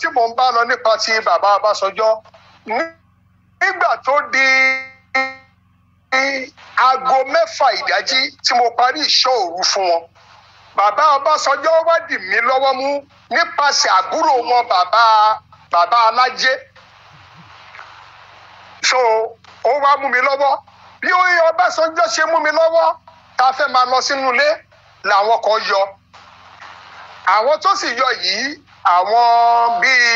tí mò ń bá lọ nípa ti bàbá Ọbásanjọ́ nígbà tó di aago mẹ́fà ìdájí tí mo parí ìṣọ́ òru fún wọn bàbá Ọbásanjọ́ wádìí mi lọ́wọ́ mú nípasẹ̀ àbúrò wọn bàbá bàbá alájẹ so ó wá mú mi lọ́wọ́ bí ó yẹ Ọbásanjọ́ ṣe mú mi lọ́wọ́ tá a fẹ́ máa lọ sínú ilé làwọn kan yọ àwọn tó sì yọ yìí àwọn bíi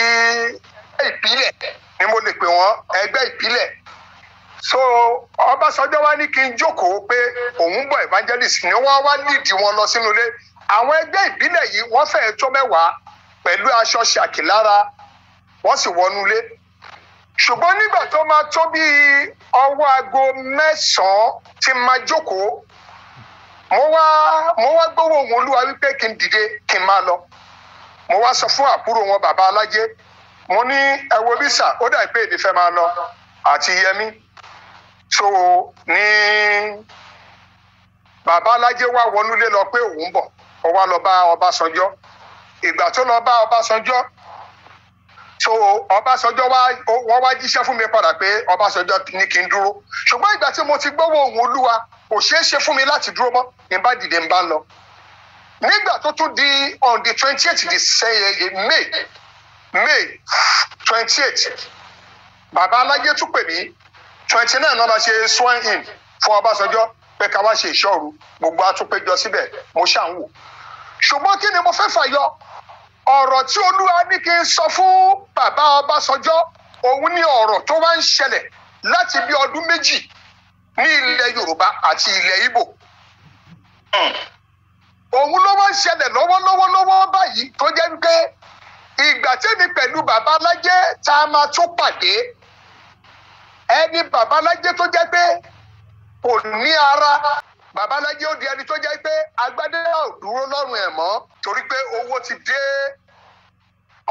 ìpínlẹ̀ ni mo lè pè wọ́n ẹgbẹ́ ìpínlẹ̀ so Ọbásanjọ́ wá ní kí n jókòó pé òun bọ̀ evangelist ni wọ́n wá nídìí wọn lọ sínú ilé àwọn ẹgbẹ́ ìbílẹ̀ yìí wọ́n fẹ́ẹ́ tó mẹ́wàá pẹ̀lú aṣọ ṣàkì lára wọ́n sì wọnú ilé ṣùgbọ́n nígbà tó máa tó bíi ọwọ́ aago mẹ́sàn-án tí máa jókòó mo wá mo wá gbowó òun olúwa wípé kí n dìde kí n máa lọ mo wá sọ fún àbúrò wọn bàbá alájẹ mo ní ẹ wo ó dà pé èmi fẹ́ máa lọ àti yẹmí so ní bàbá alájẹ wá wọnúlé lọ pé òun bọ̀ ó wá lọ bá Ọbásanjọ́ ìgbà tó lọ bá Ọbásanjọ́ so Ọbásanjọ́ wá wọ́n wá jíṣẹ́ fún mi padà pé Ọbásanjọ́ ní kí n dúró ṣùgbọ́n ìgbà tí mo ti gbọ́wọ́ òun olúwa kò ṣeé ṣe fún mi láti dúró mọ́ ní ń bá lọ nígbà tó tún di on the twenty eight di may may twenty eight bàbá aláyé tún pè mí twenty nine náà la ṣe swan in fún Ọbásanjọ́ pé ká wá ṣe ìṣọ́ru gbogbo àtúnpéjọ síbẹ̀ mo ṣàǹwò ṣùgbọ́n kí ni mo fẹ́ fàyọ ọ̀rọ̀ tí olúwa ní kí n sọ fún bàbá Ọbásanjọ́ òun ni ọ̀rọ̀ tó wá ń ṣẹlẹ̀ láti bí ọdún méjì ní ilẹ̀ Yorùbá àti ilẹ̀ Ìgbò òun ló wá ń ṣẹlẹ̀ lọ́wọ́lọ́wọ́lọ́wọ́ báyìí tó jẹ́ pé ìgbà tẹ́mi pẹ̀lú babalájẹ́ tá a máa tún pàdé ẹni babalájẹ́ tó jẹ́ pé kò ní ara babalájẹ́ ó di ẹni tó jẹ́ pé agbádé náà ò dúró lọ́rùn ẹ̀ mọ́ torí pé owó ti dé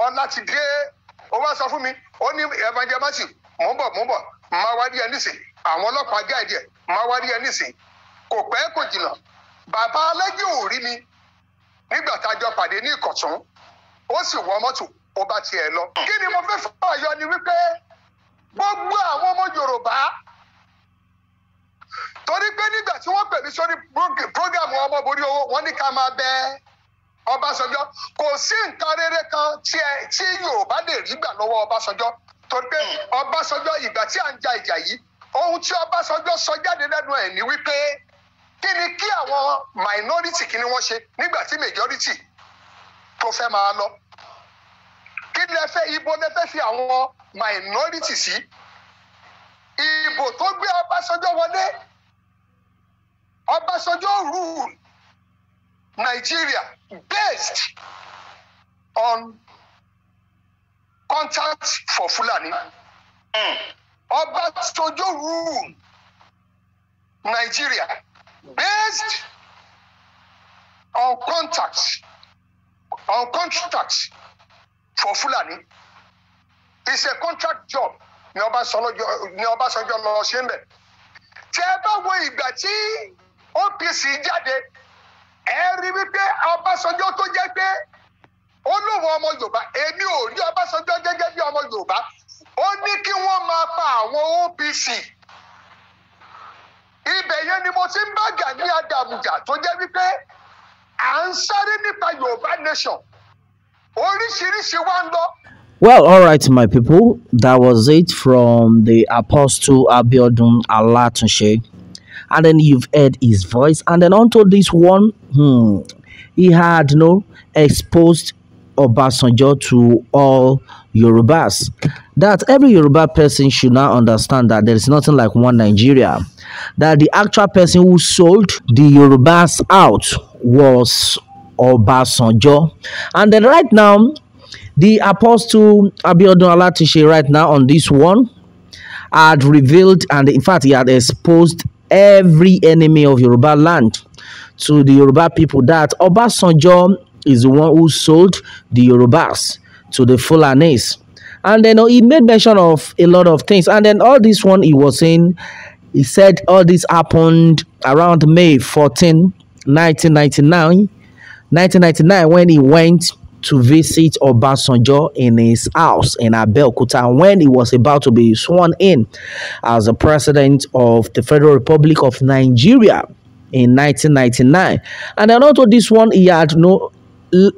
ọlá ti dé ó wá sọ fún mi ó ní evangelist mò ń bọ̀ mò ń bọ̀ máa wá rí ẹ nísìn àwọn ọlọ́pàá gáàdì máa wá rí ẹ nísìn kò pẹ́ kò jìnnà bàbá alẹ́jọ́ ò rí mi nígbà tá a jọ pàdé ní ìkọ̀tún ó sì wọ mọ́tò ó bá tiẹ̀ lọ. kí ni mo fẹ́ fààyọ ni wípé gbogbo àwọn ọmọ Yorùbá torí pé nígbà tí wọ́n pè mí sórí prógàmù ọmọ borí owó wọn ní ká máa bẹ Ọbásanjọ́ kò sí nǹkan rere kan tí Yorùbá lè rí gbà lọ́wọ́ Ọbásanjọ́ torí pé Ọbásanjọ́ ìgbà tí à ń ja ìjà yìí ohun tí Ọbásanjọ́ sọ jáde lẹ́nu ẹ̀ ni wípé kí ni kí àwọn minority kí ni wọ́n ṣe nígbà tí majority tó fẹ́ máa lọ kí ni ẹ ibo lẹ fẹ́ fi àwọn minority sí ìbò tó gbé Ọbásanjọ́ wọlé Ọbásanjọ́ rule Nigeria based on contact for Fulani hmm. Ọbásanjọ́ mm. rule Nigeria based on contact on contract for Fulani it's a contract job ni Ọbásanjọ́ lọ ṣe ń bẹ̀ tẹ́ ẹ bá wo ìgbà tí OPC jáde ẹ rí wípé Ọbásanjọ́ tó jẹ́ pé ó lóun ọmọ Yorùbá èmi ò rí Ọbásanjọ́ gẹ́gẹ́ bí ọmọ Yorùbá ó ní kí wọ́n máa pa àwọn OPC. ni mo ti ń bá tó jẹ́ wípé à ń sáré nípa Yorùbá nation oríṣiríṣi wá ń lọ. Well, all right, my people, that was it from the Apostle Abiodun Alatunse. And then you've heard his voice. And then onto this one, hmm, he had you no know, exposed Obasanjo to all Yorubas. That every Yoruba person should now understand that there is nothing like one Nigeria that the actual person who sold the Yorubas out was Obasanjo. And then right now, the apostle Abiodun Alatiche right now on this one had revealed and in fact he had exposed every enemy of Yoruba land to the Yoruba people that Obasanjo is the one who sold the Yorubas to the Fulanese. And then he made mention of a lot of things. And then all this one he was saying he said all this happened around May 14, 1999, 1999 when he went to visit Obasanjo in his house in Abeokuta when he was about to be sworn in as the president of the Federal Republic of Nigeria in 1999. And then also this one, he had no,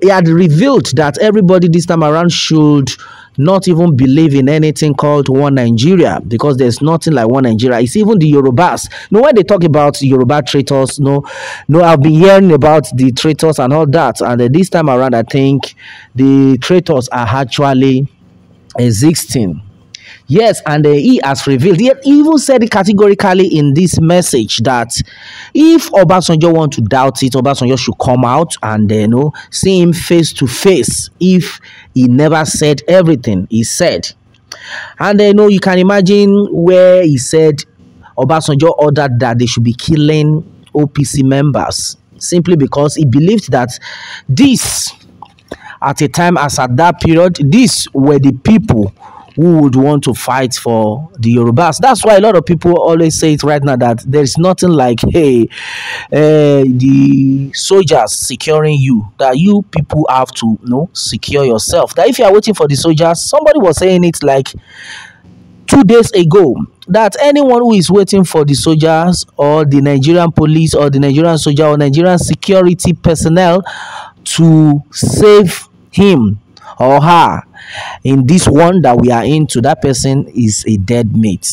he had revealed that everybody this time around should not even believe in anything called one Nigeria because there's nothing like one Nigeria. It's even the Yorubas. You know when they talk about Yoruba traitors, no, no, I've been hearing about the traitors and all that. And uh, this time around, I think the traitors are actually existing Yes, and uh, he has revealed, he even said categorically in this message that if Obasanjo want to doubt it, Obasanjo should come out and uh, you know, see him face to face if he never said everything he said. And uh, you know, you can imagine where he said Obasanjo ordered that they should be killing OPC members simply because he believed that this, at a time as at that period, these were the people who would want to fight for the Yorubas. That's why a lot of people always say it right now that there's nothing like, hey, uh, the soldiers securing you, that you people have to you know, secure yourself. That if you are waiting for the soldiers, somebody was saying it like two days ago that anyone who is waiting for the soldiers or the Nigerian police or the Nigerian soldier or Nigerian security personnel to save him or her in this one that we are into that person is a dead mate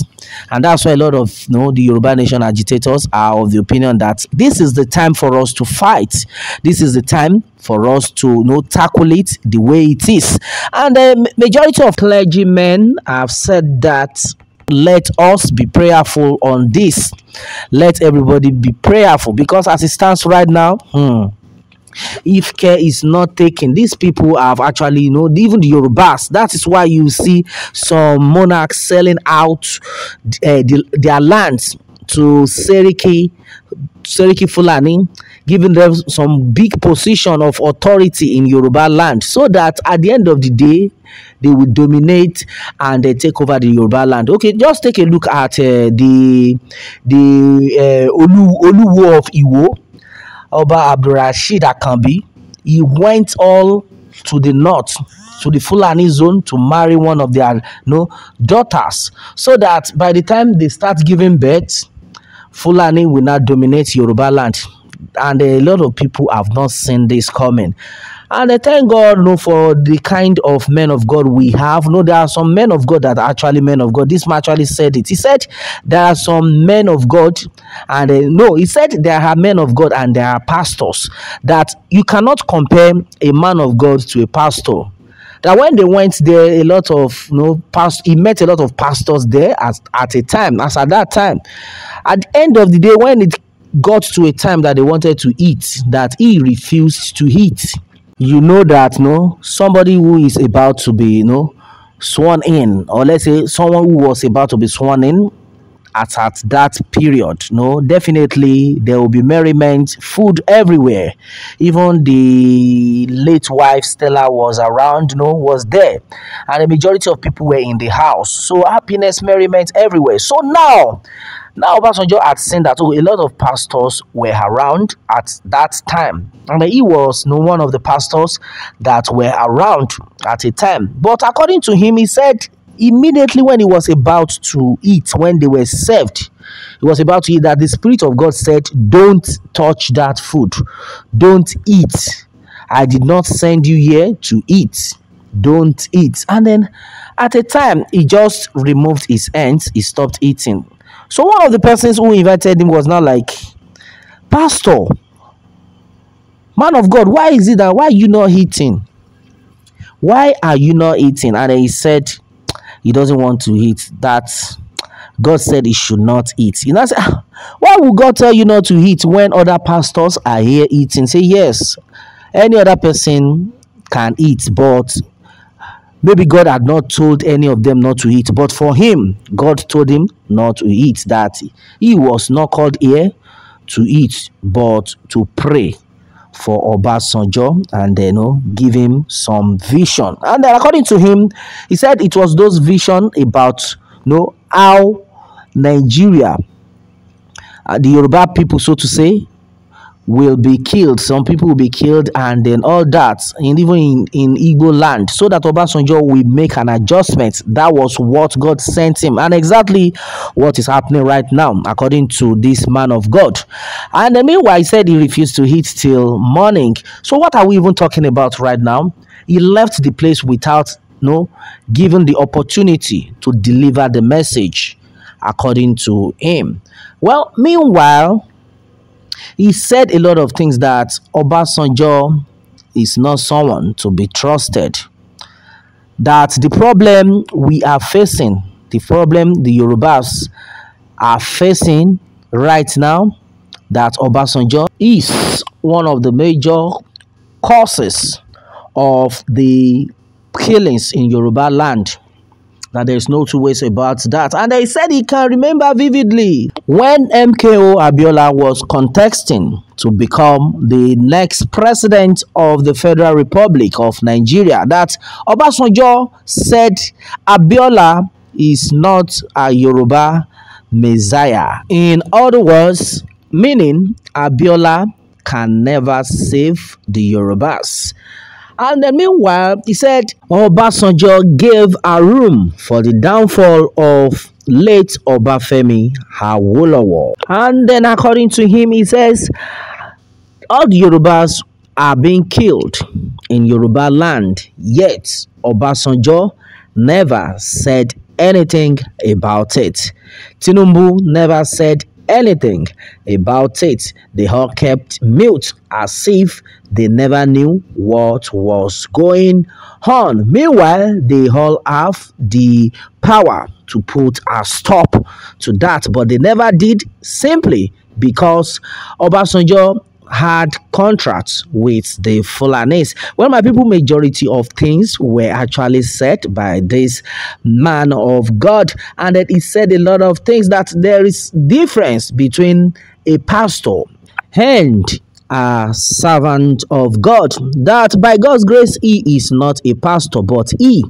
and that's why a lot of you know the Yoruba nation agitators are of the opinion that this is the time for us to fight this is the time for us to you know tackle it the way it is and the majority of clergymen have said that let us be prayerful on this let everybody be prayerful because as it stands right now hmm, if care is not taken these people have actually you know even the yorubas that is why you see some monarchs selling out uh, the, their lands to seriki seriki fulani giving them some big position of authority in yoruba land so that at the end of the day they will dominate and they take over the Yoruba land. Okay, just take a look at uh, the the uh, Olu, Oluwo of Iwo Oba Abdurrashid Akanbi, he went all to the north, to the Fulani zone to marry one of their you no know, daughters, so that by the time they start giving birth, Fulani will not dominate Yoruba land. And a lot of people have not seen this coming. And I thank God no, for the kind of men of God we have. No, there are some men of God that are actually men of God. This man actually said it. He said there are some men of God, and uh, no, he said there are men of God and there are pastors. That you cannot compare a man of God to a pastor that when they went there, a lot of you know, past he met a lot of pastors there at, at a time, as at that time. At the end of the day, when it got to a time that they wanted to eat, that he refused to eat you know that no somebody who is about to be you know sworn in or let's say someone who was about to be sworn in at, at that period no definitely there will be merriment food everywhere even the late wife stella was around no was there and the majority of people were in the house so happiness merriment everywhere so now now, Obasanjo had seen that oh, a lot of pastors were around at that time, and he was no one of the pastors that were around at a time. But according to him, he said immediately when he was about to eat, when they were served, he was about to eat that the Spirit of God said, Don't touch that food, don't eat. I did not send you here to eat don't eat. And then at a time, he just removed his hands, he stopped eating. So one of the persons who invited him was not like, Pastor, man of God, why is it that why you not eating? Why are you not eating? And he said he doesn't want to eat. That God said he should not eat. You know, ah, why would God tell you not to eat when other pastors are here eating? Say yes. Any other person can eat, but Maybe God had not told any of them not to eat, but for him, God told him not to eat, that he was not called here to eat, but to pray for Obasanjo and you know give him some vision. And then according to him, he said it was those vision about you know how Nigeria, uh, the Yoruba people, so to say, will be killed. Some people will be killed, and then all that, and even in, in Igbo land, so that Obasanjo will make an adjustment. That was what God sent him, and exactly what is happening right now, according to this man of God. And then meanwhile, he said he refused to eat till morning. So, what are we even talking about right now? He left the place without no given the opportunity to deliver the message according to him. Well, meanwhile, he said a lot of things that Obasanjo is not someone to be trusted. That the problem we are facing, the problem the Yorubas are facing right now, that Obasanjo is one of the major causes of the killings in Yoruba land that there's no two ways about that. And he said he can remember vividly when MKO Abiola was contesting to become the next president of the Federal Republic of Nigeria that Obasanjo said Abiola is not a Yoruba Messiah. In other words, meaning Abiola can never save the Yorubas. And then meanwhile, he said Obasanjo gave a room for the downfall of late Obafemi Awolowo. And then according to him, he says all the Yorubas are being killed in Yoruba land, yet Obasanjo never said anything about it. Tinubu never said anything about it. They all kept mute as if they never knew what was going on. Meanwhile, they all have the power to put a stop to that, but they never did simply because Obasanjo had contracts with the Fulanis. Well, my people, majority of things were actually said by this man of God, and that he said a lot of things that there is difference between a pastor and a servant of God, that by God's grace he is not a pastor, but he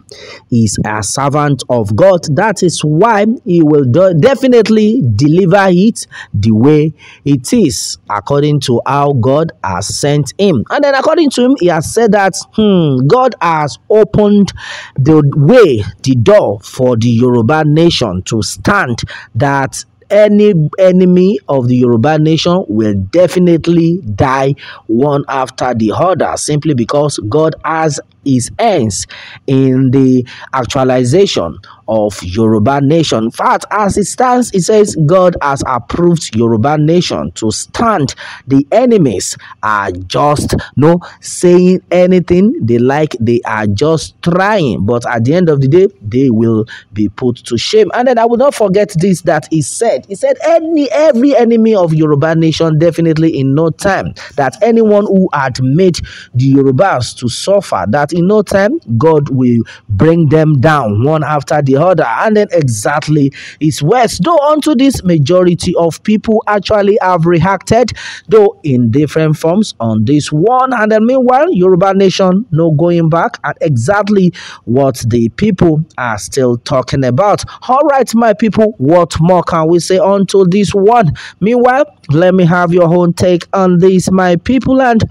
is a servant of God. That is why he will do- definitely deliver it the way it is, according to how God has sent him. And then, according to him, he has said that hmm, God has opened the way, the door for the Yoruba nation to stand that any enemy of the Yoruba nation will definitely die one after the other simply because God has is ends in the actualization of Yoruba nation. In fact, as it stands, it says God has approved Yoruba nation to stand. The enemies are just no saying anything they like. They are just trying, but at the end of the day, they will be put to shame. And then I will not forget this that he said. He said any every enemy of Yoruba nation definitely in no time that anyone who had made the Yorubas to suffer that in no time, God will bring them down one after the other. And then exactly it's worse. Though unto this majority of people actually have reacted, though in different forms on this one. And then meanwhile, Yoruba Nation, no going back at exactly what the people are still talking about. All right, my people, what more can we say unto this one? Meanwhile, let me have your own take on this my people and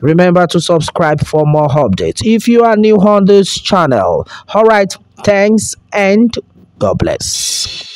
remember to subscribe for more updates if you are new on this channel all right thanks and god bless